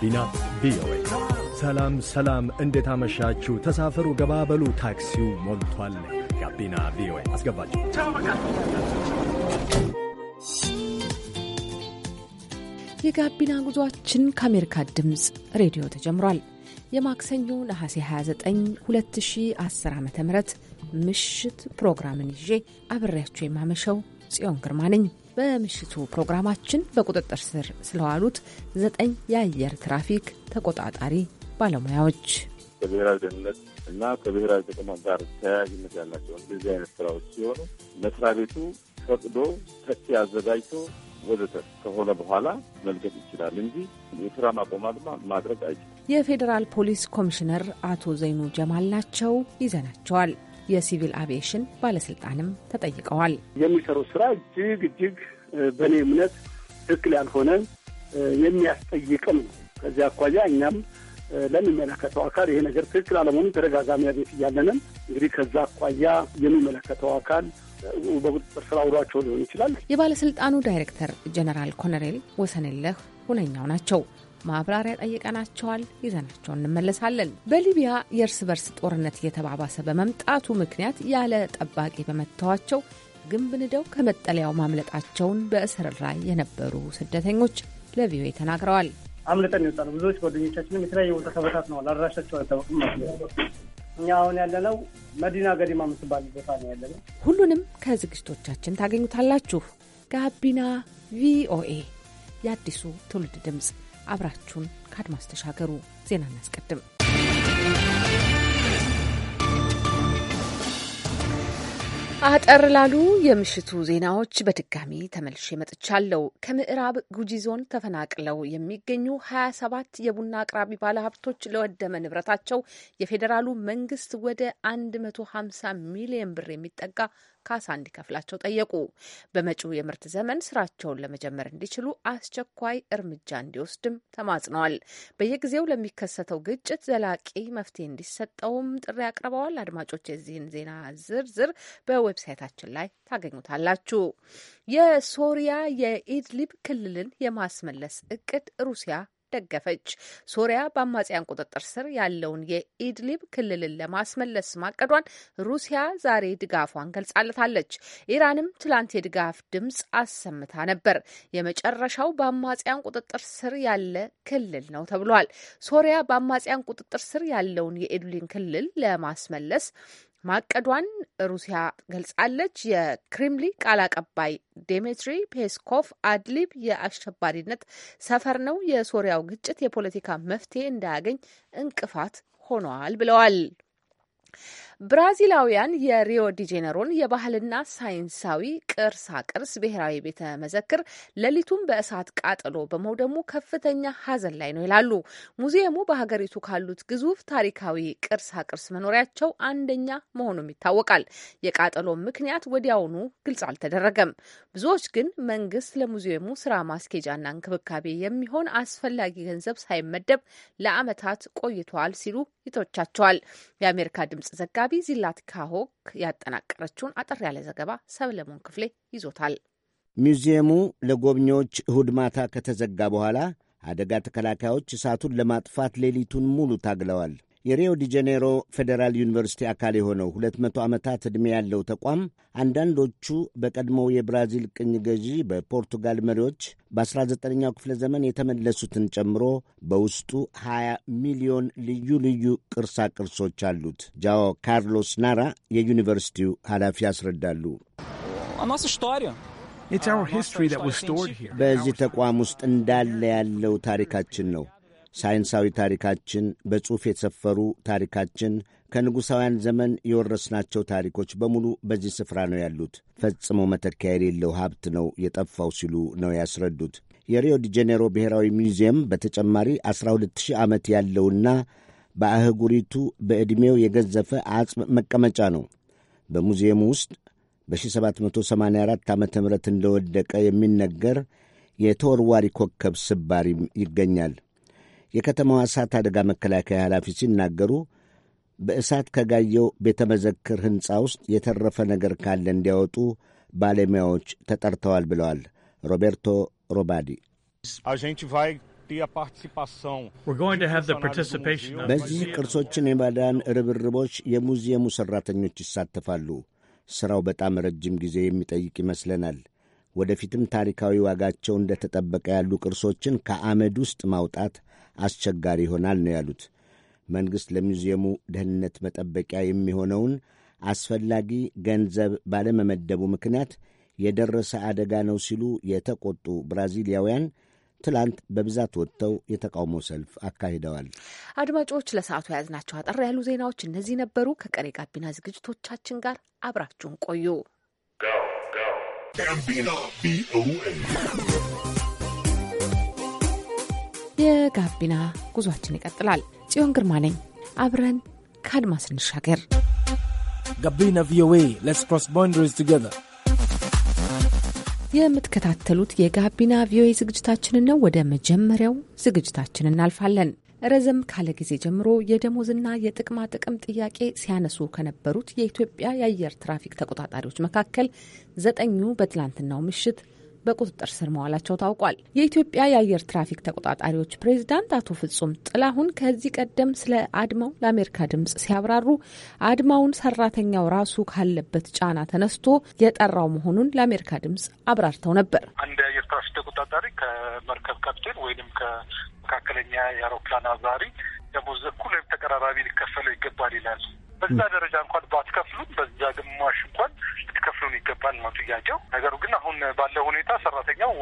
ጋቢና ቪኦኤ። ሰላም ሰላም፣ እንዴት አመሻችሁ? ተሳፈሩ፣ ገባበሉ፣ ታክሲው ሞልቷል። ጋቢና ቪኦኤ አስገባችሁ። የጋቢና ጉዟችን ከአሜሪካ ድምፅ ሬዲዮ ተጀምሯል። የማክሰኞ ነሐሴ 29 2010 ዓ ም ምሽት ፕሮግራምን ይዤ አብሬያችሁ የማመሸው ጽዮን ግርማ ነኝ። በምሽቱ ፕሮግራማችን በቁጥጥር ስር ስለዋሉት ዘጠኝ የአየር ትራፊክ ተቆጣጣሪ ባለሙያዎች ከብሔራዊ ደህንነት እና ከብሔራዊ ጥቅም ጋር ተያያዥነት ያላቸው እንደዚህ አይነት ስራዎች ሲሆኑ መስሪያ ቤቱ ፈቅዶ ተቺ አዘጋጅቶ ወዘተ ከሆነ በኋላ መልገት ይችላል እንጂ የስራ ማቆም አድማ ማድረግ አይችልም። የፌዴራል ፖሊስ ኮሚሽነር አቶ ዘይኑ ጀማል ናቸው። ይዘናቸዋል። የሲቪል አቪዬሽን ባለስልጣንም ተጠይቀዋል። የሚሰሩት ስራ እጅግ እጅግ በእኔ እምነት ትክክል ያልሆነ የሚያስጠይቅም ነው። ከዚህ አኳያ እኛም ለሚመለከተው አካል ይሄ ነገር ትክክል አለመሆኑ ተደጋጋሚ አቤት እያለንም እንግዲህ ከዛ አኳያ የሚመለከተው አካል በቁጥጥር ስራ አውሏቸው ሊሆን ይችላል። የባለስልጣኑ ዳይሬክተር ጀነራል ኮሎኔል ወሰንለህ ሁነኛው ናቸው። ማብራሪያ ጠይቀናቸዋል። ይዘናቸው እንመለሳለን። በሊቢያ የእርስ በርስ ጦርነት እየተባባሰ በመምጣቱ ምክንያት ያለ ጠባቂ በመተዋቸው ግንብ ንደው ከመጠለያው ማምለጣቸውን በእስር ላይ የነበሩ ስደተኞች ለቪኦኤ ተናግረዋል። አምልጠን ይወጣሉ። ብዙዎች ጓደኞቻችንም የተለያየ ቦታ ተበታትነዋል። አድራሻቸው አይታወቅም ማለት ነው። እኛ አሁን ያለነው መዲና ገዲማ የምትባል ቦታ ነው ያለነው። ሁሉንም ከዝግጅቶቻችን ታገኙታላችሁ። ጋቢና ቪኦኤ የአዲሱ ትውልድ ድምፅ አብራችሁን ከአድማስ ተሻገሩ። ዜና እናስቀድም። አጠር ላሉ የምሽቱ ዜናዎች በድጋሚ ተመልሼ መጥቻለሁ። ከምዕራብ ጉጂ ዞን ተፈናቅለው የሚገኙ 27 የቡና አቅራቢ ባለሀብቶች ለወደመ ንብረታቸው የፌዴራሉ መንግስት ወደ 150 ሚሊዮን ብር የሚጠጋ ካሳ እንዲከፍላቸው ጠየቁ። በመጪው የምርት ዘመን ስራቸውን ለመጀመር እንዲችሉ አስቸኳይ እርምጃ እንዲወስድም ተማጽነዋል። በየጊዜው ለሚከሰተው ግጭት ዘላቂ መፍትሄ እንዲሰጠውም ጥሪ አቅርበዋል። አድማጮች የዚህን ዜና ዝርዝር በዌብሳይታችን ላይ ታገኙታላችሁ። የሶሪያ የኢድሊብ ክልልን የማስመለስ እቅድ ሩሲያ ደገፈች። ሶሪያ በአማጽያን ቁጥጥር ስር ያለውን የኢድሊብ ክልልን ለማስመለስ ማቀዷን ሩሲያ ዛሬ ድጋፏን ገልጻለታለች። ኢራንም ትላንት የድጋፍ ድምፅ አሰምታ ነበር። የመጨረሻው በአማጽያን ቁጥጥር ስር ያለ ክልል ነው ተብሏል። ሶሪያ በአማጽያን ቁጥጥር ስር ያለውን የኢድሊን ክልል ለማስመለስ ማቀዷን ሩሲያ ገልጻለች። የክሬምሊ ቃል አቀባይ ዴሜትሪ ፔስኮቭ አድሊብ የአሸባሪነት ሰፈር ነው፣ የሶሪያው ግጭት የፖለቲካ መፍትሄ እንዳያገኝ እንቅፋት ሆኗል ብለዋል። ብራዚላውያን የሪዮ ዲጄነሮን የባህልና ሳይንሳዊ ቅርሳ ቅርስ ብሔራዊ ቤተ መዘክር ሌሊቱን በእሳት ቃጠሎ በመውደሙ ከፍተኛ ሐዘን ላይ ነው ይላሉ። ሙዚየሙ በሀገሪቱ ካሉት ግዙፍ ታሪካዊ ቅርሳ ቅርስ መኖሪያቸው አንደኛ መሆኑም ይታወቃል። የቃጠሎ ምክንያት ወዲያውኑ ግልጽ አልተደረገም። ብዙዎች ግን መንግስት ለሙዚየሙ ስራ ማስኬጃና እንክብካቤ የሚሆን አስፈላጊ ገንዘብ ሳይመደብ ለዓመታት ቆይቷል ሲሉ ይቶቻቸዋል። የአሜሪካ ድምጽ ዘጋቢ ዘጋቢ ካሆክ ያጠናቀረችውን አጠር ያለ ዘገባ ሰብለሞን ክፍሌ ይዞታል። ሚውዚየሙ ለጎብኚዎች እሁድ ማታ ከተዘጋ በኋላ አደጋ ተከላካዮች እሳቱን ለማጥፋት ሌሊቱን ሙሉ ታግለዋል። የሪዮ ዲ ጄኔሮ ፌዴራል ዩኒቨርሲቲ አካል የሆነው 200 ዓመታት ዕድሜ ያለው ተቋም አንዳንዶቹ በቀድሞው የብራዚል ቅኝ ገዢ በፖርቱጋል መሪዎች በ19ኛው ክፍለ ዘመን የተመለሱትን ጨምሮ በውስጡ 20 ሚሊዮን ልዩ ልዩ ቅርሳ ቅርሶች አሉት። ጃኦ ካርሎስ ናራ የዩኒቨርሲቲው ኃላፊ ያስረዳሉ። በዚህ ተቋም ውስጥ እንዳለ ያለው ታሪካችን ነው ሳይንሳዊ ታሪካችን፣ በጽሑፍ የተሰፈሩ ታሪካችን፣ ከንጉሣውያን ዘመን የወረስናቸው ታሪኮች በሙሉ በዚህ ስፍራ ነው ያሉት። ፈጽሞ መተኪያ የሌለው ሀብት ነው የጠፋው ሲሉ ነው ያስረዱት። የሪዮ ዲ ጄኔሮ ብሔራዊ ሚውዚየም በተጨማሪ 120 ዓመት ያለውና በአህጉሪቱ በዕድሜው የገዘፈ አጽም መቀመጫ ነው። በሙዚየሙ ውስጥ በ1784 ዓ ም እንደወደቀ የሚነገር የተወርዋሪ ኮከብ ስባሪም ይገኛል። የከተማዋ እሳት አደጋ መከላከያ ኃላፊ ሲናገሩ በእሳት ከጋየው ቤተ መዘክር ሕንፃ ውስጥ የተረፈ ነገር ካለ እንዲያወጡ ባለሙያዎች ተጠርተዋል ብለዋል። ሮቤርቶ ሮባዲ በዚህ ቅርሶችን የማዳን ርብርቦች የሙዚየሙ ሠራተኞች ይሳተፋሉ። ሥራው በጣም ረጅም ጊዜ የሚጠይቅ ይመስለናል። ወደፊትም ታሪካዊ ዋጋቸው እንደተጠበቀ ያሉ ቅርሶችን ከአመድ ውስጥ ማውጣት አስቸጋሪ ይሆናል ነው ያሉት። መንግሥት ለሙዚየሙ ደህንነት መጠበቂያ የሚሆነውን አስፈላጊ ገንዘብ ባለመመደቡ ምክንያት የደረሰ አደጋ ነው ሲሉ የተቆጡ ብራዚሊያውያን ትላንት በብዛት ወጥተው የተቃውሞ ሰልፍ አካሂደዋል። አድማጮች፣ ለሰዓቱ የያዝናቸው አጠር ያሉ ዜናዎች እነዚህ ነበሩ። ከቀሬ ጋቢና ዝግጅቶቻችን ጋር አብራችሁን ቆዩ። የጋቢና ጉዟችን ይቀጥላል። ጽዮን ግርማ ነኝ። አብረን ከአድማስ እንሻገር። ጋቢና ቪኦኤ ሌትስ ክሮስ ቦንደሪስ ቱጌዘር የምትከታተሉት የጋቢና ቪኦኤ ዝግጅታችንን ነው። ወደ መጀመሪያው ዝግጅታችን እናልፋለን። ረዘም ካለ ጊዜ ጀምሮ የደሞዝና የጥቅማ ጥቅም ጥያቄ ሲያነሱ ከነበሩት የኢትዮጵያ የአየር ትራፊክ ተቆጣጣሪዎች መካከል ዘጠኙ በትላንትናው ምሽት በቁጥጥር ስር መዋላቸው ታውቋል። የኢትዮጵያ የአየር ትራፊክ ተቆጣጣሪዎች ፕሬዚዳንት አቶ ፍጹም ጥላሁን ከዚህ ቀደም ስለ አድማው ለአሜሪካ ድምጽ ሲያብራሩ አድማውን ሰራተኛው ራሱ ካለበት ጫና ተነስቶ የጠራው መሆኑን ለአሜሪካ ድምጽ አብራርተው ነበር። አንድ የአየር ትራፊክ ተቆጣጣሪ ከመርከብ ካፕቴን ወይንም ከመካከለኛ የአውሮፕላን አብራሪ ደሞዝ እኩል ወይም ተቀራራቢ ሊከፈለው ይገባል ይላል። በዛ ደረጃ እንኳን ባትከፍሉም በዛ ግማሽ እንኳን ሊከፍሉን ይገባል ነው ጥያቄው። ነገሩ ግን አሁን ባለው ሁኔታ ሰራተኛው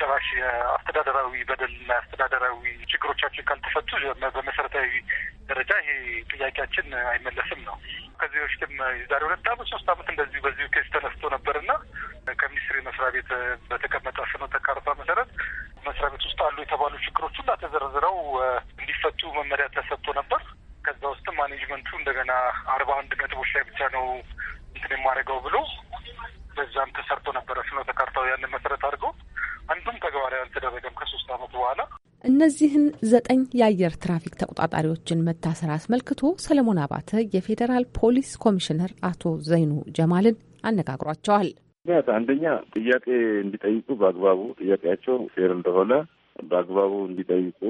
ጭራሽ የአስተዳደራዊ በደልና አስተዳደራዊ ችግሮቻችን ካልተፈቱ በመሰረታዊ ደረጃ ይሄ ጥያቄያችን አይመለስም ነው። ከዚህ በፊትም የዛሬ ሁለት ዓመት ሶስት ዓመት እንደዚሁ በዚሁ ኬስ ተነስቶ ነበርና ከሚኒስትሪ መስሪያ ቤት በተቀመጠ ፍኖተ ካርታ መሰረት መስሪያ ቤት ውስጥ አሉ የተባሉ ችግሮች ሁላ ተዘርዝረው እንዲፈቱ መመሪያ ተሰጥቶ ነበር። ከዛ ውስጥም ማኔጅመንቱ እንደገና አርባ አንድ ነጥቦች ላይ ብቻ ነው የማደርገው ብሎ በዛም ተሰርቶ ነበረ ፍኖተ ካርታው ያንን መሰረት አድርጎ አንዱም ተግባራዊ አልተደረገም። ከሶስት አመት በኋላ እነዚህን ዘጠኝ የአየር ትራፊክ ተቆጣጣሪዎችን መታሰር አስመልክቶ ሰለሞን አባተ የፌዴራል ፖሊስ ኮሚሽነር አቶ ዘይኑ ጀማልን አነጋግሯቸዋል። ምክንያት አንደኛ ጥያቄ እንዲጠይቁ በአግባቡ ጥያቄያቸው ፌር እንደሆነ በአግባቡ እንዲጠይቁ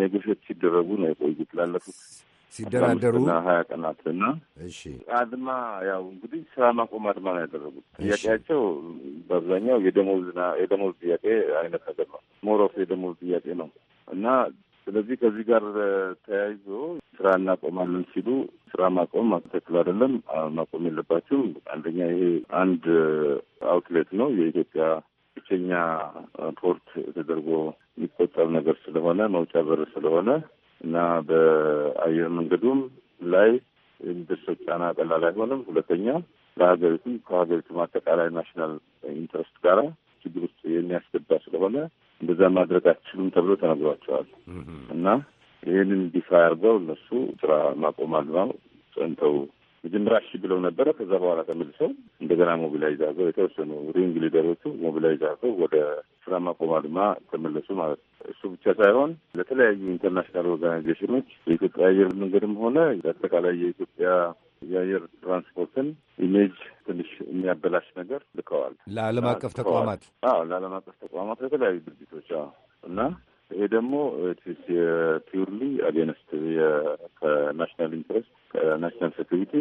ኔጎሽት ሲደረጉ ነው የቆዩት ላለፉት ሲደራደሩና ሀያ ቀናትና እሺ አድማ ያው እንግዲህ ስራ ማቆም አድማ ነው ያደረጉት። ጥያቄያቸው በአብዛኛው የደሞዝና የደሞዝ ጥያቄ አይነት ነገር ነው። ሞሮፍ የደሞዝ ጥያቄ ነው እና ስለዚህ ከዚህ ጋር ተያይዞ ስራ እናቆማለን ሲሉ ስራ ማቆም ትክክል አይደለም፣ ማቆም የለባቸው። አንደኛ ይሄ አንድ አውትሌት ነው የኢትዮጵያ ብቸኛ ፖርት ተደርጎ የሚቆጠር ነገር ስለሆነ መውጫ በር ስለሆነ እና በአየር መንገዱም ላይ የሚደርሰው ጫና ቀላል አይሆንም። ሁለተኛ ለሀገሪቱም ከሀገሪቱም አጠቃላይ ናሽናል ኢንትረስት ጋራ ችግር ውስጥ የሚያስገባ ስለሆነ እንደዛ ማድረግ አትችሉም ተብሎ ተነግሯቸዋል እና ይህንን ዲፋ አድርገው እነሱ ስራ ማቆም አድማው ጸንተው መጀመሪያ እሺ ብለው ነበረ። ከዛ በኋላ ተመልሰው እንደገና ሞቢላይዝ አዘው የተወሰኑ ሪንግ ሊደሮቹ ሞቢላይዝ አዘው ወደ ስራ ማቆም አድማ ተመለሱ ማለት ነው። እሱ ብቻ ሳይሆን ለተለያዩ ኢንተርናሽናል ኦርጋናይዜሽኖች የኢትዮጵያ አየር መንገድም ሆነ ለአጠቃላይ የኢትዮጵያ የአየር ትራንስፖርትን ኢሜጅ ትንሽ የሚያበላሽ ነገር ልከዋል። ለዓለም አቀፍ ተቋማት አዎ፣ ለዓለም አቀፍ ተቋማት ለተለያዩ ድርጅቶች እና ይሄ ደግሞ ፒውርሊ አጌንስት ከናሽናል ኢንትረስት ከናሽናል ሴኩሪቲ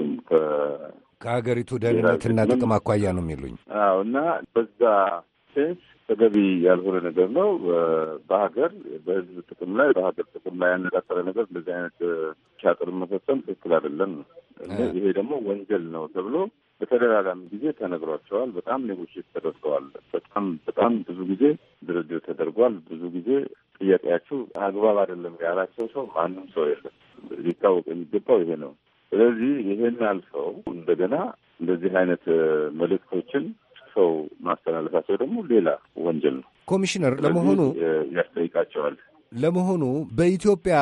ከሀገሪቱ ደህንነትና ጥቅም አኳያ ነው የሚሉኝ። አዎ እና በዛ ሴንስ ተገቢ ያልሆነ ነገር ነው። uh, በሀገር በህዝብ ጥቅም ላይ በሀገር ጥቅም ላይ ያነጣጠረ ነገር እንደዚህ አይነት uh, ቻጥር መፈጸም ትክክል አይደለም ነው። ይሄ ደግሞ ወንጀል ነው ተብሎ በተደጋጋሚ ጊዜ ተነግሯቸዋል። በጣም ኔጎሽት ተደርገዋል። በጣም በጣም ብዙ ጊዜ ድርድር ተደርጓል። ብዙ ጊዜ ጥያቄያችሁ አግባብ አይደለም ያላቸው ሰው ማንም ሰው የለም። ሊታወቅ የሚገባው ይሄ ነው። ስለዚህ ይሄን አልፈው እንደገና እንደዚህ አይነት መልእክቶችን ሰው ማስተላለፋቸው ደግሞ ሌላ ወንጀል ነው። ኮሚሽነር ለመሆኑ ያስጠይቃቸዋል። ለመሆኑ በኢትዮጵያ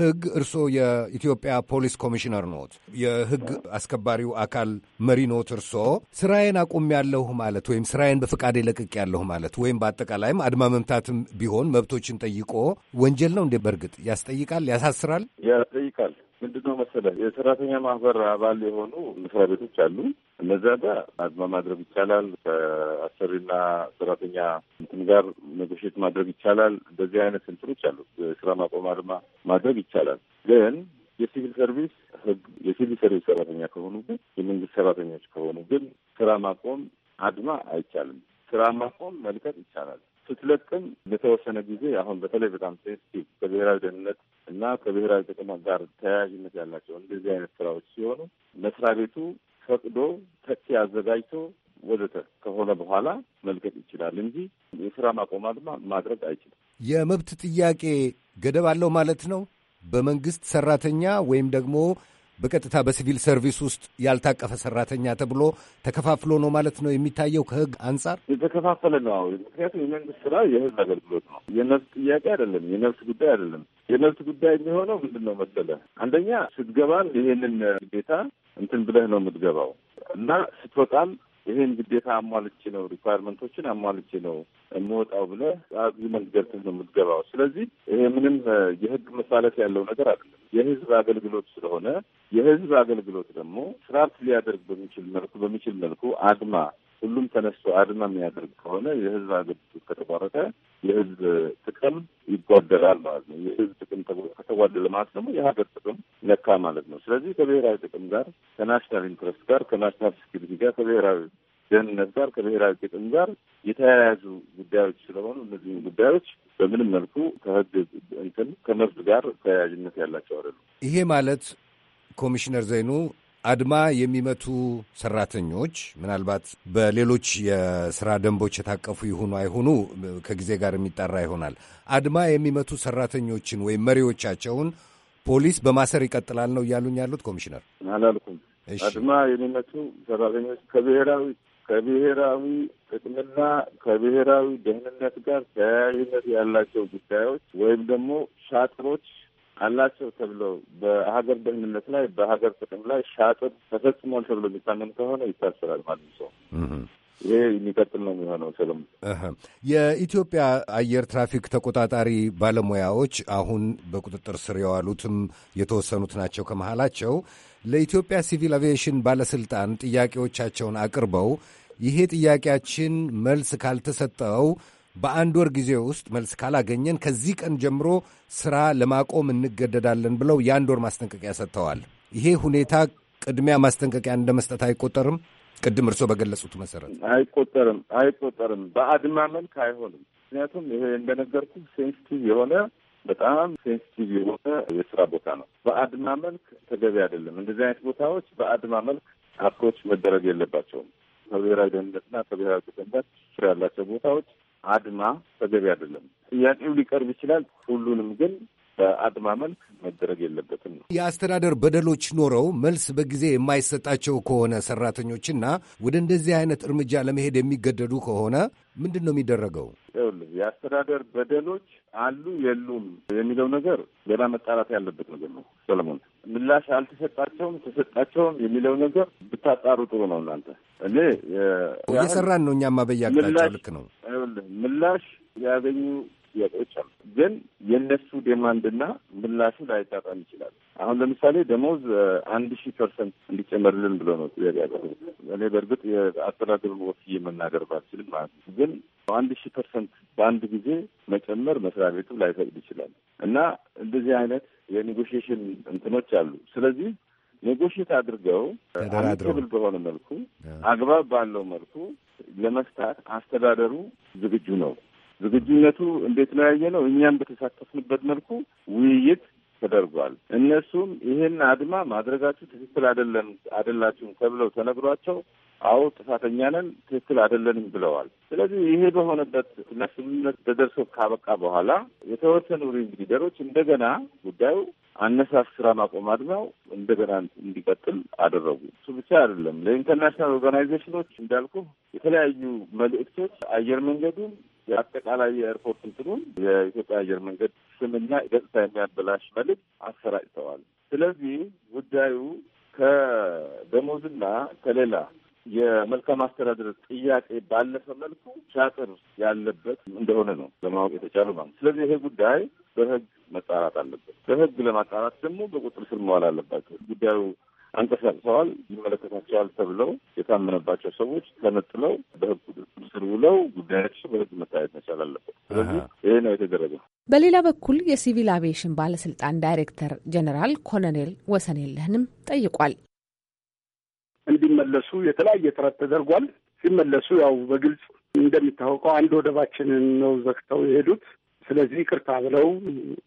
ሕግ እርስዎ የኢትዮጵያ ፖሊስ ኮሚሽነር ኖት፣ የሕግ አስከባሪው አካል መሪ ኖት። እርስዎ ስራዬን ያለሁ ማለት ወይም ስራዬን በፈቃዴ ያለሁ ማለት ወይም በአጠቃላይም አድማ መምታትም ቢሆን መብቶችን ጠይቆ ወንጀል ነው እንዴ? በእርግጥ ያስጠይቃል፣ ያሳስራል፣ ያስጠይቃል። ምንድነው መሰለ የሰራተኛ ማህበር አባል የሆኑ መስሪያ ቤቶች አሉ። እነዚያ ጋር አድማ ማድረግ ይቻላል። ከአሰሪና ሰራተኛ እንትን ጋር ኔጎሽት ማድረግ ይቻላል። እንደዚህ አይነት እንትኖች አሉ። የስራ ማቆም አድማ ማድረግ ይቻላል። ግን የሲቪል ሰርቪስ ህግ የሲቪል ሰርቪስ ሰራተኛ ከሆኑ ግን የመንግስት ሰራተኞች ከሆኑ ግን ስራ ማቆም አድማ አይቻልም። ስራ ማቆም መልቀቅ ይቻላል። ስትለቅም ለተወሰነ ጊዜ አሁን በተለይ በጣም ሴንስቲቭ በብሔራዊ ደህንነት እና ከብሔራዊ ጥቅም ጋር ተያያዥነት ያላቸው እንደዚህ አይነት ስራዎች ሲሆኑ መስሪያ ቤቱ ፈቅዶ ተኪ አዘጋጅቶ ወዘተ ከሆነ በኋላ መልቀቅ ይችላል እንጂ የስራ ማቆም አድማ ማድረግ አይችልም። የመብት ጥያቄ ገደብ አለው ማለት ነው። በመንግስት ሰራተኛ ወይም ደግሞ በቀጥታ በሲቪል ሰርቪስ ውስጥ ያልታቀፈ ሰራተኛ ተብሎ ተከፋፍሎ ነው ማለት ነው የሚታየው። ከህግ አንጻር የተከፋፈለ ነው። ምክንያቱም የመንግስት ስራ የህዝብ አገልግሎት ነው። የነፍስ ጥያቄ አይደለም። የነፍስ ጉዳይ አይደለም። የነፍስ ጉዳይ የሚሆነው ምንድን ነው መሰለ፣ አንደኛ ስትገባም ይሄንን ግዴታ እንትን ብለህ ነው የምትገባው እና ስትወጣም ይህን ግዴታ አሟልቼ ነው ሪኳርመንቶችን አሟልቼ ነው የምወጣው ብለ አግሪመንት መንገድ ነው የምትገባው። ስለዚህ ይሄ ምንም የህግ መሳለት ያለው ነገር አይደለም። የህዝብ አገልግሎት ስለሆነ የህዝብ አገልግሎት ደግሞ ስራት ሊያደርግ በሚችል መልኩ በሚችል መልኩ አድማ ሁሉም ተነስቶ አድማ የሚያደርግ ከሆነ የህዝብ አገልግሎት ከተቋረጠ የህዝብ ጥቅም ይጓደላል ማለት ነው። የህዝብ ጥቅም ከተጓደለ ማለት ደግሞ የሀገር ጥቅም ነካ ማለት ነው። ስለዚህ ከብሔራዊ ጥቅም ጋር ከናሽናል ኢንትረስት ጋር ከናሽናል ሴኪሪቲ ጋር ከብሔራዊ ደህንነት ጋር ከብሔራዊ ጥቅም ጋር የተያያዙ ጉዳዮች ስለሆኑ እነዚህ ጉዳዮች በምንም መልኩ ከህግ እንትን ከመብት ጋር ተያያዥነት ያላቸው አይደሉም። ይሄ ማለት ኮሚሽነር ዘይኑ አድማ የሚመቱ ሰራተኞች ምናልባት በሌሎች የስራ ደንቦች የታቀፉ ይሁኑ አይሁኑ ከጊዜ ጋር የሚጠራ ይሆናል። አድማ የሚመቱ ሰራተኞችን ወይም መሪዎቻቸውን ፖሊስ በማሰር ይቀጥላል ነው እያሉኝ ያሉት ኮሚሽነር? አላልኩም። አድማ የሚመቱ ሰራተኞች ከብሔራዊ ከብሔራዊ ጥቅምና ከብሔራዊ ደህንነት ጋር ተያያዥነት ያላቸው ጉዳዮች ወይም ደግሞ ሻጥሮች አላቸው ተብለው በሀገር ደህንነት ላይ በሀገር ጥቅም ላይ ሻጥር ተፈጽሟል ተብሎ የሚታመን ከሆነ ይታሰራል ማለት ሰው ይሄ የሚቀጥል ነው የሚሆነው። ስልም የኢትዮጵያ አየር ትራፊክ ተቆጣጣሪ ባለሙያዎች አሁን በቁጥጥር ስር የዋሉትም የተወሰኑት ናቸው ከመሃላቸው ለኢትዮጵያ ሲቪል አቪዬሽን ባለስልጣን ጥያቄዎቻቸውን አቅርበው ይሄ ጥያቄያችን መልስ ካልተሰጠው በአንድ ወር ጊዜ ውስጥ መልስ ካላገኘን ከዚህ ቀን ጀምሮ ስራ ለማቆም እንገደዳለን ብለው የአንድ ወር ማስጠንቀቂያ ሰጥተዋል። ይሄ ሁኔታ ቅድሚያ ማስጠንቀቂያ እንደ መስጠት አይቆጠርም? ቅድም እርስዎ በገለጹት መሰረት አይቆጠርም አይቆጠርም። በአድማ መልክ አይሆንም። ምክንያቱም ይሄ እንደነገርኩ ሴንስቲቭ የሆነ በጣም ሴንስቲቭ የሆነ የስራ ቦታ ነው። በአድማ መልክ ተገቢ አይደለም። እንደዚህ አይነት ቦታዎች በአድማ መልክ አፕሮች መደረግ የለባቸውም። ከብሔራዊ ደህንነትና ከብሔራዊ ደህንነት ስር ያላቸው ቦታዎች አድማ ተገቢ አይደለም። ጥያቄው ሊቀርብ ይችላል። ሁሉንም ግን በአጥማመን መልክ መደረግ የለበትም ነው። የአስተዳደር በደሎች ኖረው መልስ በጊዜ የማይሰጣቸው ከሆነ ሰራተኞችና ወደ እንደዚህ አይነት እርምጃ ለመሄድ የሚገደዱ ከሆነ ምንድን ነው የሚደረገው? የአስተዳደር በደሎች አሉ የሉም የሚለው ነገር ገና መጣራት ያለበት ነገር ነው። ሰለሞን ምላሽ አልተሰጣቸውም ተሰጣቸውም የሚለው ነገር ብታጣሩ ጥሩ ነው። እናንተ እኔ እየሰራን ነው እኛማ በያቅጣጫው ልክ ነው ምላሽ ያገኙ ጥያቄዎች አሉ። ግን የእነሱ ዴማንድና ምላሹ ላይጣጣም ይችላል። አሁን ለምሳሌ ደሞዝ አንድ ሺህ ፐርሰንት እንዲጨመርልን ብሎ ነው ጥያቄ ያቀረቡት። እኔ በእርግጥ የአስተዳደሩን ወክዬ መናገር ባልችልም ማለት ነው። ግን አንድ ሺህ ፐርሰንት በአንድ ጊዜ መጨመር መስሪያ ቤቱ ላይፈቅድ ይችላል እና እንደዚህ አይነት የኔጎሽሽን እንትኖች አሉ። ስለዚህ ኔጎሽት አድርገው አሚካብል በሆነ መልኩ አግባብ ባለው መልኩ ለመፍታት አስተዳደሩ ዝግጁ ነው። ዝግጁነቱ እንዴት ነው ያየ ነው። እኛም በተሳተፍንበት መልኩ ውይይት ተደርጓል። እነሱም ይህን አድማ ማድረጋችሁ ትክክል አይደለም አይደላችሁም ተብለው ተነግሯቸው አዎ ጥፋተኛ ነን፣ ትክክል አይደለንም ብለዋል። ስለዚህ ይሄ በሆነበት እና ስምምነት ተደርሶ ካበቃ በኋላ የተወሰኑ ሪንግ ሊደሮች እንደገና ጉዳዩ አነሳስ ስራ ማቆም አድማው እንደገና እንዲቀጥል አደረጉ። እሱ ብቻ አይደለም፣ ለኢንተርናሽናል ኦርጋናይዜሽኖች እንዳልኩ የተለያዩ መልእክቶች አየር መንገዱም የአጠቃላይ የኤርፖርት እንትኑን የኢትዮጵያ አየር መንገድ ስምና ገጽታ የሚያበላሽ መልዕክት አሰራጭተዋል። ስለዚህ ጉዳዩ ከደሞዝና ከሌላ የመልካም አስተዳደር ጥያቄ ባለፈ መልኩ ሻጥር ያለበት እንደሆነ ነው ለማወቅ የተቻለ ማለት። ስለዚህ ይሄ ጉዳይ በህግ መጣራት አለበት። በህግ ለማጣራት ደግሞ በቁጥር ስር መዋል አለባቸው። ጉዳዩ አንቀሳቅሰዋል፣ ይመለከታቸዋል ተብለው የታመነባቸው ሰዎች ተነጥለው በህግ ስር ውለው ጉዳያቸው በህግ መታየት መቻል አለበት። ስለዚህ ይሄ ነው የተደረገው። በሌላ በኩል የሲቪል አቪዬሽን ባለስልጣን ዳይሬክተር ጀኔራል ኮሎኔል ወሰን የለህንም ጠይቋል። እንዲመለሱ የተለያየ ጥረት ተደርጓል። ሲመለሱ ያው በግልጽ እንደሚታወቀው አንድ ወደባችንን ነው ዘግተው የሄዱት። ስለዚህ ይቅርታ ብለው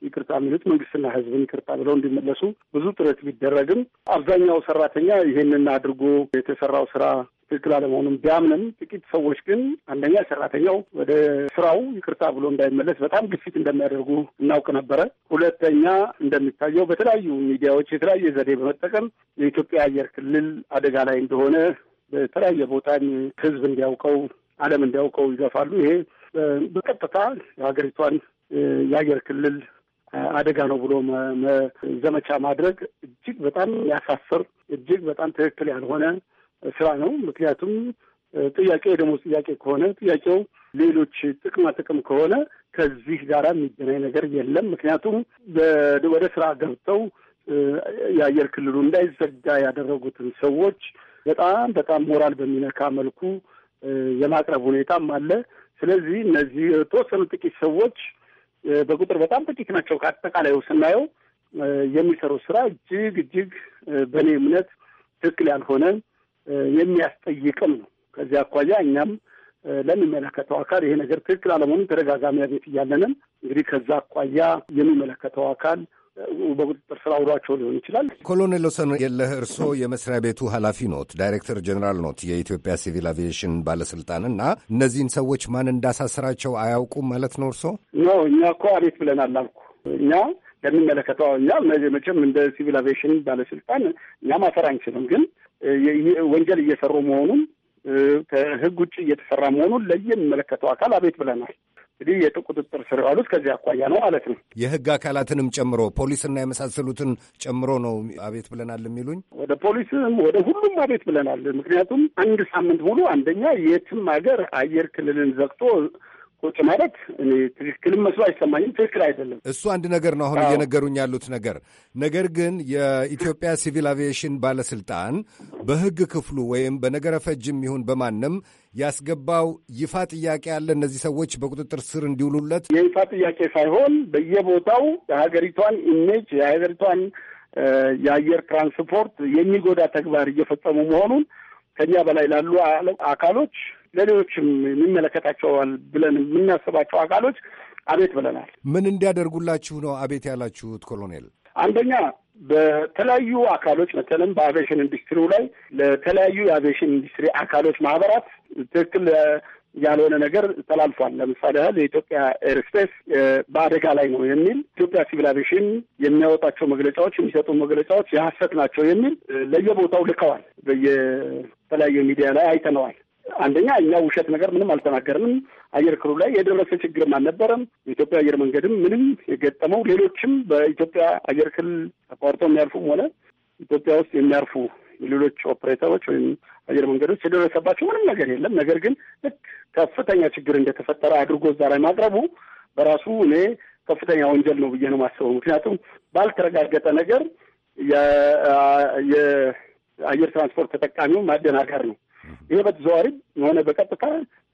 ይቅርታ የሚሉት መንግስትና ህዝብን ይቅርታ ብለው እንዲመለሱ ብዙ ጥረት ቢደረግም አብዛኛው ሰራተኛ ይሄንን አድርጎ የተሰራው ስራ ትክክል አለመሆኑም ቢያምንም ጥቂት ሰዎች ግን አንደኛ ሰራተኛው ወደ ስራው ይቅርታ ብሎ እንዳይመለስ በጣም ግፊት እንደሚያደርጉ እናውቅ ነበረ። ሁለተኛ እንደሚታየው በተለያዩ ሚዲያዎች የተለያየ ዘዴ በመጠቀም የኢትዮጵያ አየር ክልል አደጋ ላይ እንደሆነ በተለያየ ቦታ ህዝብ እንዲያውቀው፣ ዓለም እንዲያውቀው ይገፋሉ። ይሄ በቀጥታ የሀገሪቷን የአየር ክልል አደጋ ነው ብሎ ዘመቻ ማድረግ እጅግ በጣም ያሳፍር፣ እጅግ በጣም ትክክል ያልሆነ ስራ ነው። ምክንያቱም ጥያቄ የደሞዝ ጥያቄ ከሆነ ጥያቄው ሌሎች ጥቅማ ጥቅም ከሆነ ከዚህ ጋር የሚገናኝ ነገር የለም። ምክንያቱም ወደ ስራ ገብተው የአየር ክልሉ እንዳይዘጋ ያደረጉትን ሰዎች በጣም በጣም ሞራል በሚነካ መልኩ የማቅረብ ሁኔታም አለ። ስለዚህ እነዚህ የተወሰኑ ጥቂት ሰዎች በቁጥር በጣም ጥቂት ናቸው። ከአጠቃላዩ ስናየው የሚሰሩት ስራ እጅግ እጅግ በእኔ እምነት ትክክል ያልሆነ የሚያስጠይቅም ነው። ከዚህ አኳያ እኛም ለሚመለከተው አካል ይሄ ነገር ትክክል አለመሆኑ ተደጋጋሚ አቤት እያለንም እንግዲህ ከዛ አኳያ የሚመለከተው አካል በቁጥጥር ስር ሊሆን ይችላል። ኮሎኔል ወሰኑ የለህ እርስዎ የመስሪያ ቤቱ ኃላፊ ኖት፣ ዳይሬክተር ጀኔራል ኖት የኢትዮጵያ ሲቪል አቪዬሽን ባለስልጣን እና እነዚህን ሰዎች ማን እንዳሳስራቸው አያውቁም ማለት ነው እርስዎ? ኖ እኛ እኮ አቤት ብለናል አልኩ እኛ ለሚመለከተው እኛ መቼም እንደ ሲቪል አቪዬሽን ባለስልጣን እኛ ማሰር አንችልም፣ ግን ወንጀል እየሰሩ መሆኑን ከህግ ውጭ እየተሰራ መሆኑን ለየሚመለከተው አካል አቤት ብለናል። እንግዲህ የቁጥጥር ስር ያሉት ከዚህ አኳያ ነው ማለት ነው። የህግ አካላትንም ጨምሮ ፖሊስና የመሳሰሉትን ጨምሮ ነው አቤት ብለናል የሚሉኝ። ወደ ፖሊስም ወደ ሁሉም አቤት ብለናል። ምክንያቱም አንድ ሳምንት ሙሉ አንደኛ የትም ሀገር አየር ክልልን ዘግቶ ቁጭ ማለት ትክክልም መስሎ አይሰማኝም። ትክክል አይደለም። እሱ አንድ ነገር ነው አሁን እየነገሩኝ ያሉት ነገር። ነገር ግን የኢትዮጵያ ሲቪል አቪዬሽን ባለስልጣን በህግ ክፍሉ ወይም በነገረ ፈጅም ይሁን በማንም ያስገባው ይፋ ጥያቄ አለ። እነዚህ ሰዎች በቁጥጥር ስር እንዲውሉለት የይፋ ጥያቄ ሳይሆን በየቦታው የሀገሪቷን ኢሜጅ የሀገሪቷን የአየር ትራንስፖርት የሚጎዳ ተግባር እየፈጸሙ መሆኑን ከኛ በላይ ላሉ አካሎች ለሌሎችም የሚመለከታቸዋል ብለን የምናስባቸው አካሎች አቤት ብለናል። ምን እንዲያደርጉላችሁ ነው አቤት ያላችሁት ኮሎኔል? አንደኛ በተለያዩ አካሎች በተለይም በአቬሽን ኢንዱስትሪው ላይ ለተለያዩ የአቬሽን ኢንዱስትሪ አካሎች ማህበራት ትክክል ያልሆነ ነገር ተላልፏል። ለምሳሌ ያህል የኢትዮጵያ ኤርስፔስ በአደጋ ላይ ነው የሚል ኢትዮጵያ ሲቪል አቬሽን የሚያወጣቸው መግለጫዎች፣ የሚሰጡ መግለጫዎች የሀሰት ናቸው የሚል ለየቦታው ልከዋል። በየተለያዩ ሚዲያ ላይ አይተነዋል። አንደኛ እኛ ውሸት ነገር ምንም አልተናገርንም። አየር ክልሉ ላይ የደረሰ ችግርም አልነበረም። የኢትዮጵያ አየር መንገድም ምንም የገጠመው ሌሎችም በኢትዮጵያ አየር ክልል አቋርጠው የሚያርፉም ሆነ ኢትዮጵያ ውስጥ የሚያርፉ የሌሎች ኦፕሬተሮች ወይም አየር መንገዶች የደረሰባቸው ምንም ነገር የለም። ነገር ግን ልክ ከፍተኛ ችግር እንደተፈጠረ አድርጎ እዛ ላይ ማቅረቡ በራሱ እኔ ከፍተኛ ወንጀል ነው ብዬ ነው የማስበው። ምክንያቱም ባልተረጋገጠ ነገር የአየር ትራንስፖርት ተጠቃሚው ማደናገር ነው። ይሄ በተዘዋዋሪም የሆነ በቀጥታ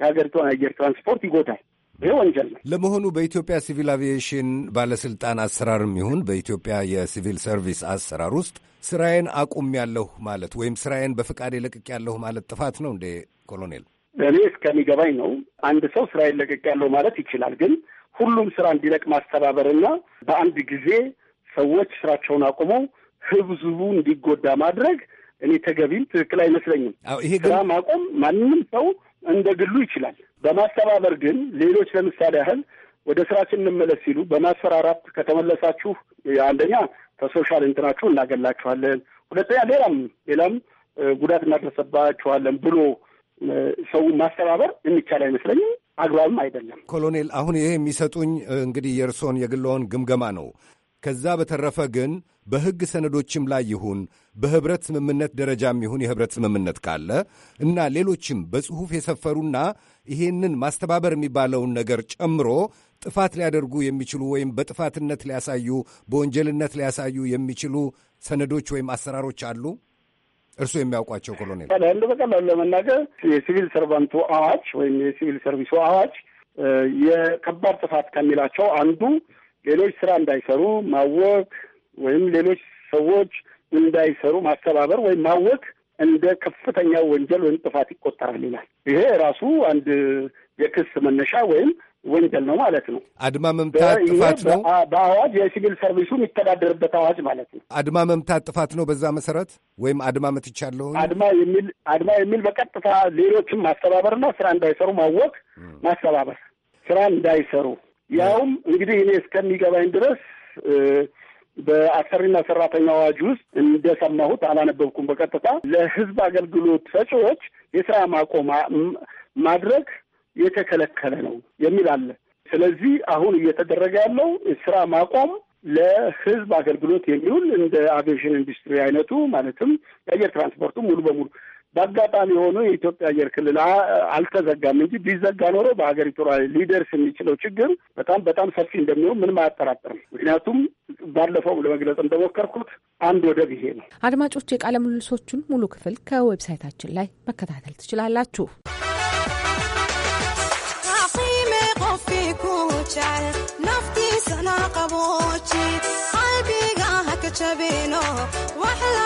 የሀገሪቷን አየር ትራንስፖርት ይጎዳል። ይሄ ወንጀል ነው። ለመሆኑ በኢትዮጵያ ሲቪል አቪዬሽን ባለስልጣን አሰራርም ይሁን በኢትዮጵያ የሲቪል ሰርቪስ አሰራር ውስጥ ስራዬን ያለሁ ማለት ወይም ስራዬን በፍቃድ ያለሁ ማለት ጥፋት ነው እንዴ ኮሎኔል? እኔ እስከሚገባኝ ነው። አንድ ሰው ስራዬን ያለሁ ማለት ይችላል። ግን ሁሉም ስራ እንዲለቅ ማስተባበርና በአንድ ጊዜ ሰዎች ስራቸውን አቁመው ህዝቡ እንዲጎዳ ማድረግ እኔ ተገቢም ትክክል አይመስለኝም። ስራ ማቆም ማንም ሰው እንደ ግሉ ይችላል። በማስተባበር ግን ሌሎች ለምሳሌ ያህል ወደ ስራችን እንመለስ ሲሉ በማስፈራራት ከተመለሳችሁ አንደኛ ከሶሻል እንትናችሁ እናገላችኋለን፣ ሁለተኛ ሌላም ሌላም ጉዳት እናደርሰባችኋለን ብሎ ሰው ማስተባበር የሚቻል አይመስለኝም። አግባብም አይደለም። ኮሎኔል፣ አሁን ይሄ የሚሰጡኝ እንግዲህ የእርሶን የግለውን ግምገማ ነው። ከዛ በተረፈ ግን በሕግ ሰነዶችም ላይ ይሁን በኅብረት ስምምነት ደረጃም ይሁን የኅብረት ስምምነት ካለ እና ሌሎችም በጽሑፍ የሰፈሩና ይሄንን ማስተባበር የሚባለውን ነገር ጨምሮ ጥፋት ሊያደርጉ የሚችሉ ወይም በጥፋትነት ሊያሳዩ በወንጀልነት ሊያሳዩ የሚችሉ ሰነዶች ወይም አሰራሮች አሉ። እርስዎ የሚያውቋቸው ኮሎኔል እንደ በቀላሉ ለመናገር የሲቪል ሰርቫንቱ አዋጅ ወይም የሲቪል ሰርቪሱ አዋጅ የከባድ ጥፋት ከሚላቸው አንዱ ሌሎች ስራ እንዳይሰሩ ማወቅ ወይም ሌሎች ሰዎች እንዳይሰሩ ማስተባበር ወይም ማወቅ እንደ ከፍተኛ ወንጀል ወይም ጥፋት ይቆጠራል ይላል። ይሄ ራሱ አንድ የክስ መነሻ ወይም ወንጀል ነው ማለት ነው። አድማ መምታት ጥፋት ነው። በአዋጅ የሲቪል ሰርቪሱ የሚተዳደርበት አዋጅ ማለት ነው። አድማ መምታት ጥፋት ነው። በዛ መሰረት ወይም አድማ መትቻለሁ አድማ የሚል አድማ የሚል በቀጥታ ሌሎችም ማስተባበርና ስራ እንዳይሰሩ ማወቅ ማስተባበር ስራ እንዳይሰሩ ያውም እንግዲህ እኔ እስከሚገባኝ ድረስ በአሰሪና ሰራተኛ አዋጅ ውስጥ እንደሰማሁት አላነበብኩም፣ በቀጥታ ለህዝብ አገልግሎት ሰጪዎች የስራ ማቆም ማድረግ የተከለከለ ነው የሚል አለ። ስለዚህ አሁን እየተደረገ ያለው ስራ ማቆም ለህዝብ አገልግሎት የሚውል እንደ አቪዬሽን ኢንዱስትሪ አይነቱ ማለትም የአየር ትራንስፖርቱ ሙሉ በሙሉ በአጋጣሚ ሆኖ የኢትዮጵያ አየር ክልል አልተዘጋም እንጂ ቢዘጋ ኖሮ በሀገሪቱ ሊደርስ የሚችለው ችግር በጣም በጣም ሰፊ እንደሚሆን ምንም አያጠራጥርም። ምክንያቱም ባለፈው ለመግለጽ እንደሞከርኩት አንድ ወደብ ይሄ ነው። አድማጮች የቃለ ምልልሶቹን ሙሉ ክፍል ከዌብሳይታችን ላይ መከታተል ትችላላችሁ። قبوتي قلبي قاهك جبينو واحلى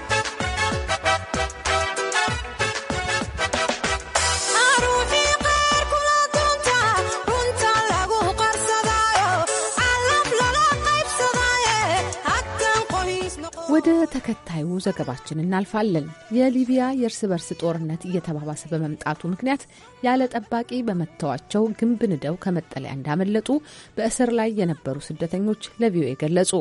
ተከታዩ ዘገባችን እናልፋለን። የሊቢያ የእርስ በርስ ጦርነት እየተባባሰ በመምጣቱ ምክንያት ያለ ጠባቂ በመተዋቸው ግንብ ንደው ከመጠለያ እንዳመለጡ በእስር ላይ የነበሩ ስደተኞች ለቪኦኤ ገለጹ።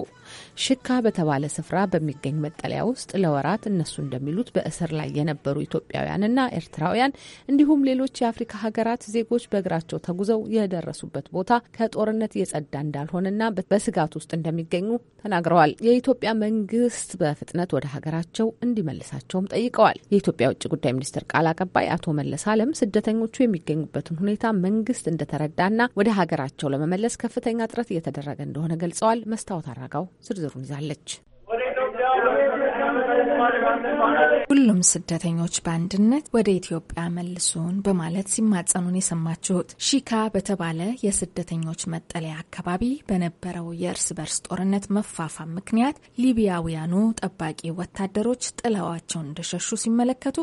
ሽካ በተባለ ስፍራ በሚገኝ መጠለያ ውስጥ ለወራት እነሱ እንደሚሉት በእስር ላይ የነበሩ ኢትዮጵያውያንና ኤርትራውያን እንዲሁም ሌሎች የአፍሪካ ሀገራት ዜጎች በእግራቸው ተጉዘው የደረሱበት ቦታ ከጦርነት የጸዳ እንዳልሆነና በስጋት ውስጥ እንደሚገኙ ተናግረዋል። የኢትዮጵያ መንግስት በፍጥነት ወደ ሀገራቸው እንዲመልሳቸውም ጠይቀዋል። የኢትዮጵያ ውጭ ጉዳይ ሚኒስትር ቃል አቀባይ አቶ መለስ አለም ስደተኞቹ የሚገኙበትን ሁኔታ መንግስት እንደተረዳና ወደ ሀገራቸው ለመመለስ ከፍተኛ ጥረት እየተደረገ እንደሆነ ገልጸዋል። መስታወት አራጋው ዝርዝሩን ይዛለች። ሁሉም ስደተኞች በአንድነት ወደ ኢትዮጵያ መልሱን በማለት ሲማጸኑን የሰማችሁት ሺካ በተባለ የስደተኞች መጠለያ አካባቢ በነበረው የእርስ በርስ ጦርነት መፋፋም ምክንያት ሊቢያውያኑ ጠባቂ ወታደሮች ጥለዋቸውን እንደሸሹ ሲመለከቱ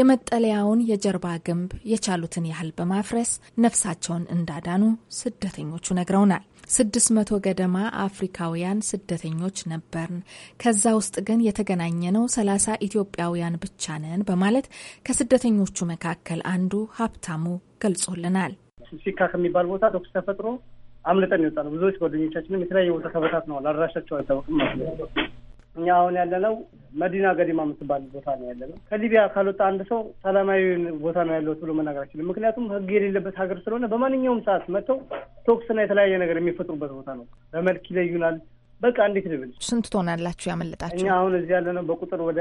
የመጠለያውን የጀርባ ግንብ የቻሉትን ያህል በማፍረስ ነፍሳቸውን እንዳዳኑ ስደተኞቹ ነግረውናል። ስድስት መቶ ገደማ አፍሪካውያን ስደተኞች ነበርን። ከዛ ውስጥ ግን የተገናኘ ነው ሰላሳ ኢትዮጵያውያን ብቻ ነን በማለት ከስደተኞቹ መካከል አንዱ ሀብታሙ ገልጾልናል። ሲካ ከሚባል ቦታ ተኩስ ተፈጥሮ አምልጠን ይወጣ ነው። ብዙዎች ጓደኞቻችንም የተለያየ ቦታ ተበታት ነዋል። አድራሻቸው አልታወቅም ማለት ነው። እኛ አሁን ያለነው መዲና ገዲማ የምትባል ቦታ ነው ያለነው። ከሊቢያ ካልወጣ አንድ ሰው ሰላማዊ ቦታ ነው ያለው ብሎ መናገር አይችልም። ምክንያቱም ህግ የሌለበት ሀገር ስለሆነ በማንኛውም ሰዓት መጥተው ቶክስና የተለያየ ነገር የሚፈጥሩበት ቦታ ነው። በመልክ ይለዩናል። በቃ እንዴት ልብል። ስንት ትሆናላችሁ ያመለጣችሁ? እኛ አሁን እዚህ ያለነው በቁጥር ወደ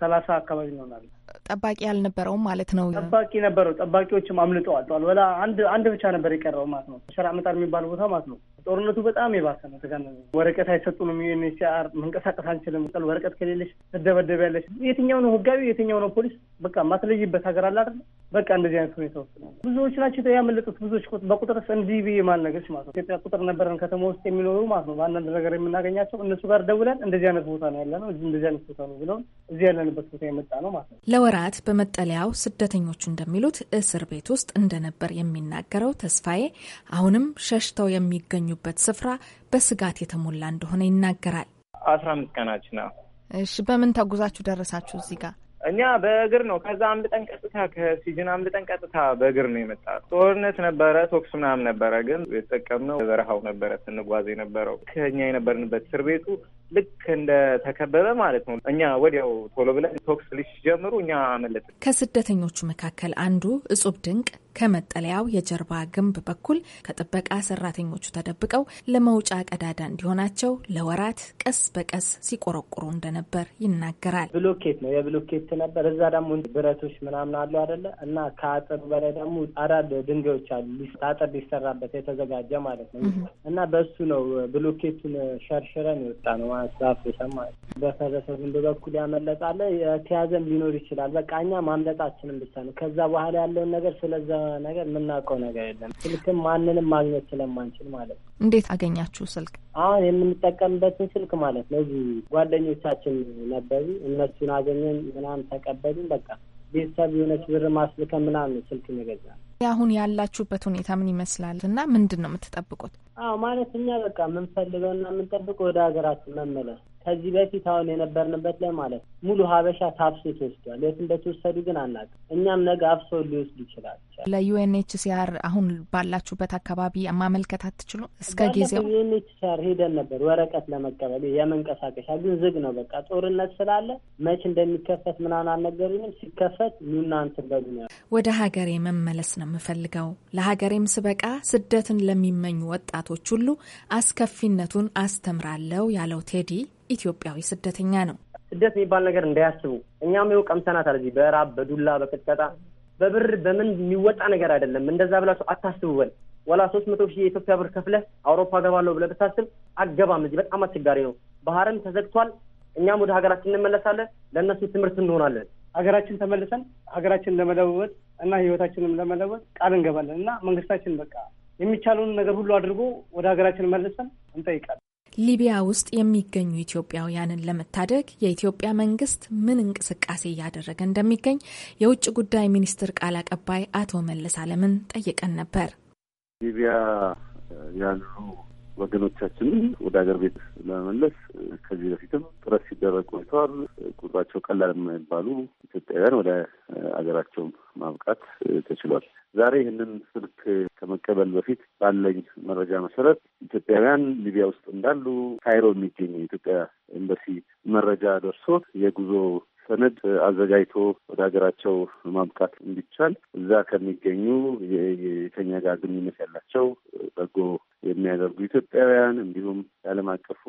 ሰላሳ አካባቢ እንሆናለን። ጠባቂ ያልነበረውም ማለት ነው። ጠባቂ ነበረው፣ ጠባቂዎችም አምልጠዋል። በላ አንድ አንድ ብቻ ነበር የቀረው ማለት ነው። ሸራ መጣር የሚባል ቦታ ማለት ነው። ጦርነቱ በጣም የባሰ ነው። ተጋነ ወረቀት አይሰጡንም። ዩኤንኤችሲአር መንቀሳቀስ አንችልም። ቀል ወረቀት ከሌለሽ ትደበደብ ያለሽ። የትኛው ነው ህጋዊ፣ የትኛው ነው ፖሊስ? በቃ ማትለይበት ሀገር አለ አይደለ? በቃ እንደዚህ አይነት ሁኔታ ውስጥ ነው ብዙዎች ናቸው ያመለጡት። ብዙዎች በቁጥር እንዲህ ብዬ ማልነገርሽ ማለት ነው ኢትዮጵያ ቁጥር ነበረን ከተማ ውስጥ የሚኖሩ ማለት ነው። በአንዳንድ ነገር የምናገኛቸው እነሱ ጋር ደውለን እንደዚህ አይነት ቦታ ነው ያለ ነው እንደዚህ አይነት ቦታ ነው ብለውን እዚህ ያለንበት ቦታ የመጣ ነው ማለት ነው። ለወራት በመጠለያው ስደተኞቹ እንደሚሉት እስር ቤት ውስጥ እንደነበር የሚናገረው ተስፋዬ አሁንም ሸሽተው የሚገኙ የሚገኙበት ስፍራ በስጋት የተሞላ እንደሆነ ይናገራል። አስራ አምስት ቀናችን ነው። እሺ፣ በምን ተጉዛችሁ ደረሳችሁ እዚህ ጋር? እኛ በእግር ነው። ከዛ አምልጠን ቀጥታ ከሲጅን አምልጠን ቀጥታ በእግር ነው የመጣ። ጦርነት ነበረ፣ ቶክስ ምናምን ነበረ፣ ግን የተጠቀምነው በረሃው ነበረ ስንጓዝ የነበረው። ከኛ የነበርንበት እስር ቤቱ ልክ እንደተከበበ ማለት ነው። እኛ ወዲያው ቶሎ ብለን ቶክስ ልሽ ጀምሩ እኛ መለት ከስደተኞቹ መካከል አንዱ እጹብ ድንቅ ከመጠለያው የጀርባ ግንብ በኩል ከጥበቃ ሰራተኞቹ ተደብቀው ለመውጫ ቀዳዳ እንዲሆናቸው ለወራት ቀስ በቀስ ሲቆረቁሩ እንደነበር ይናገራል። ብሎኬት ነው የብሎኬት ነበር። እዛ ደግሞ ብረቶች ምናምን አሉ አደለ እና ከአጥሩ በላይ ደግሞ አዳድ ድንጋዮች አሉ። አጥር ሊሰራበት የተዘጋጀ ማለት ነው እና በሱ ነው ብሎኬቱን ሸርሽረን ይወጣ ነው ዛፎች ማለት ነው። በፈረሰብ በኩል ያመለጣለ የተያዘም ሊኖር ይችላል። በቃ እኛ ማምለጣችንም ብቻ ነው። ከዛ በኋላ ያለውን ነገር ስለዛ ነገር የምናውቀው ነገር የለም። ስልክም ማንንም ማግኘት ስለማንችል ማለት ነው። እንዴት አገኛችሁ ስልክ? አሁን የምንጠቀምበትን ስልክ ማለት ነው። እዚህ ጓደኞቻችን ነበሩ፣ እነሱን አገኘን፣ ምናምን ተቀበሉን። በቃ ቤተሰብ የሆነች ብር ማስልከን ምናምን ስልክ ይገዛል አሁን ያላችሁበት ሁኔታ ምን ይመስላል እና ምንድን ነው የምትጠብቁት? አዎ ማለት እኛ በቃ ና የምንጠብቀው ወደ ሀገራችን መመለስ ከዚህ በፊት አሁን የነበርንበት ላይ ማለት ነው ሙሉ ሀበሻ ታፍሶ ተወስዷል። የት እንደተወሰዱ ግን አናውቅም። እኛም ነገ አፍሶ ሊወስዱ ይችላል። ለዩኤንኤችሲአር አሁን ባላችሁበት አካባቢ ማመልከት አትችሉም? እስከ ጊዜው ዩኤንኤችሲአር ሄደን ነበር ወረቀት ለመቀበል የመንቀሳቀሻ ግን ዝግ ነው። በቃ ጦርነት ስላለ መች እንደሚከፈት ምናምን አልነገሩንም። ሲከፈት ኑና በሉ ነው። ወደ ሀገሬ መመለስ ነው የምፈልገው። ለሀገሬም ስበቃ ስደትን ለሚመኙ ወጣቶች ሁሉ አስከፊነቱን አስተምራለሁ ያለው ቴዲ ኢትዮጵያዊ ስደተኛ ነው። ስደት የሚባል ነገር እንዳያስቡ። እኛም ይኸው ቀምሰናታል አለ። እዚህ በራብ በዱላ በቅጥቀጣ በብር በምን የሚወጣ ነገር አይደለም። እንደዛ ብላችሁ አታስቡ። በል ወላ ሶስት መቶ ሺህ የኢትዮጵያ ብር ከፍለህ አውሮፓ ገባለሁ ብለህ ብታስብ አገባም። እዚህ በጣም አስቸጋሪ ነው። ባህርም ተዘግቷል። እኛም ወደ ሀገራችን እንመለሳለን። ለእነሱ ትምህርት እንሆናለን። ሀገራችን ተመልሰን ሀገራችን ለመለወጥ እና ህይወታችንም ለመለወጥ ቃል እንገባለን እና መንግስታችን በቃ የሚቻለውን ነገር ሁሉ አድርጎ ወደ ሀገራችን መልሰን እንጠይቃለን። ሊቢያ ውስጥ የሚገኙ ኢትዮጵያውያንን ለመታደግ የኢትዮጵያ መንግስት ምን እንቅስቃሴ እያደረገ እንደሚገኝ የውጭ ጉዳይ ሚኒስትር ቃል አቀባይ አቶ መለስ አለምን ጠይቀን ነበር። ሊቢያ ያሉ ወገኖቻችንን ወደ ሀገር ቤት ለመመለስ ከዚህ በፊትም ጥረት ሲደረግ ቆይተዋል። ቁጥራቸው ቀላል የማይባሉ ኢትዮጵያውያን ወደ ሀገራቸውም ማብቃት ተችሏል። ዛሬ ይህንን ስልክ ከመቀበል በፊት ባለኝ መረጃ መሰረት ኢትዮጵያውያን ሊቢያ ውስጥ እንዳሉ ካይሮ የሚገኝ የኢትዮጵያ ኤምባሲ መረጃ ደርሶት የጉዞ ሰነድ አዘጋጅቶ ወደ ሀገራቸው ማምጣት እንዲቻል እዛ ከሚገኙ የተኛ ጋር ግንኙነት ያላቸው በጎ የሚያደርጉ ኢትዮጵያውያን እንዲሁም የዓለም አቀፉ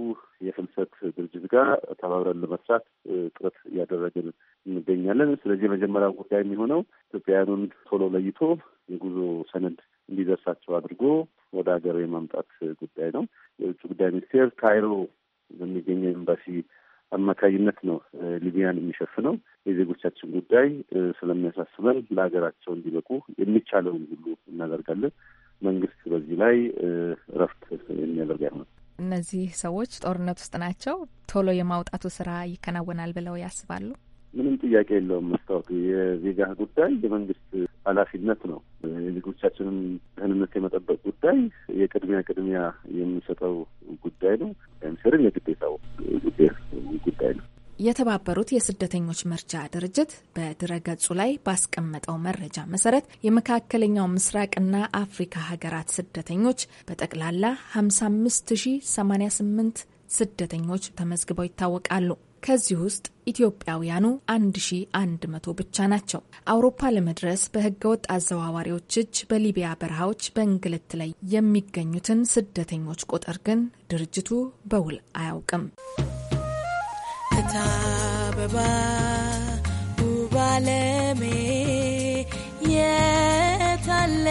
የፍልሰት ድርጅት ጋር ተባብረን ለመስራት ጥረት እያደረግን እንገኛለን። ስለዚህ የመጀመሪያው ጉዳይ የሚሆነው ኢትዮጵያውያኑን ቶሎ ለይቶ የጉዞ ሰነድ እንዲደርሳቸው አድርጎ ወደ ሀገር የማምጣት ጉዳይ ነው። የውጭ ጉዳይ ሚኒስቴር ካይሮ በሚገኘው ኤምባሲ አማካኝነት ነው ሊቢያን የሚሸፍነው። የዜጎቻችን ጉዳይ ስለሚያሳስበን ለሀገራቸው እንዲበቁ የሚቻለውን ሁሉ እናደርጋለን። መንግስት በዚህ ላይ እረፍት የሚያደርግ አይሆንም። እነዚህ ሰዎች ጦርነት ውስጥ ናቸው። ቶሎ የማውጣቱ ስራ ይከናወናል ብለው ያስባሉ? ምንም ጥያቄ የለውም። መስታወቱ የዜጋ ጉዳይ የመንግስት ኃላፊነት ነው። የዜጎቻችንን ደህንነት የመጠበቅ ጉዳይ የቅድሚያ ቅድሚያ የሚሰጠው ጉዳይ ነው። ምስርን የግዴታው ጉዳይ ነው። የተባበሩት የስደተኞች መርጃ ድርጅት በድረገጹ ላይ ባስቀመጠው መረጃ መሰረት የመካከለኛው ምስራቅና አፍሪካ ሀገራት ስደተኞች በጠቅላላ 55088 ስደተኞች ተመዝግበው ይታወቃሉ። ከዚህ ውስጥ ኢትዮጵያውያኑ 1100 ብቻ ናቸው። አውሮፓ ለመድረስ በህገወጥ አዘዋዋሪዎች እጅ በሊቢያ በረሃዎች በእንግልት ላይ የሚገኙትን ስደተኞች ቁጥር ግን ድርጅቱ በውል አያውቅም። አበባ የታለ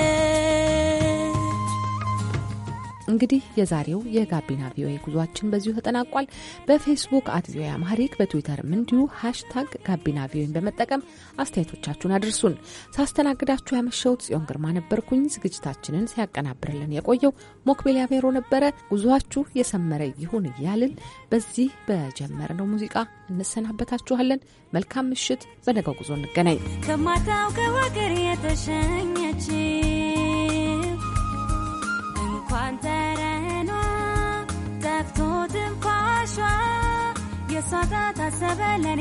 እንግዲህ የዛሬው የጋቢና ቪኦኤ ጉዟችን በዚሁ ተጠናቋል። በፌስቡክ አት ቪኦኤ አማሪክ በትዊተርም እንዲሁ ሃሽታግ ጋቢና ቪኦኤን በመጠቀም አስተያየቶቻችሁን አድርሱን። ሳስተናግዳችሁ ያመሸሁት ጽዮን ግርማ ነበርኩኝ። ዝግጅታችንን ሲያቀናብርልን የቆየው ሞክቤል ያቤሮ ነበረ። ጉዟችሁ የሰመረ ይሁን እያልን በዚህ በጀመርነው ሙዚቃ እንሰናበታችኋለን። መልካም ምሽት። በነገው ጉዞ እንገናኝ። ከማታውቀው ሀገር የተሸኘችን እንኳን ጠረኗ ጠፍቶት እንኳሿ የእሷ ጋ ታሰበ ለኔ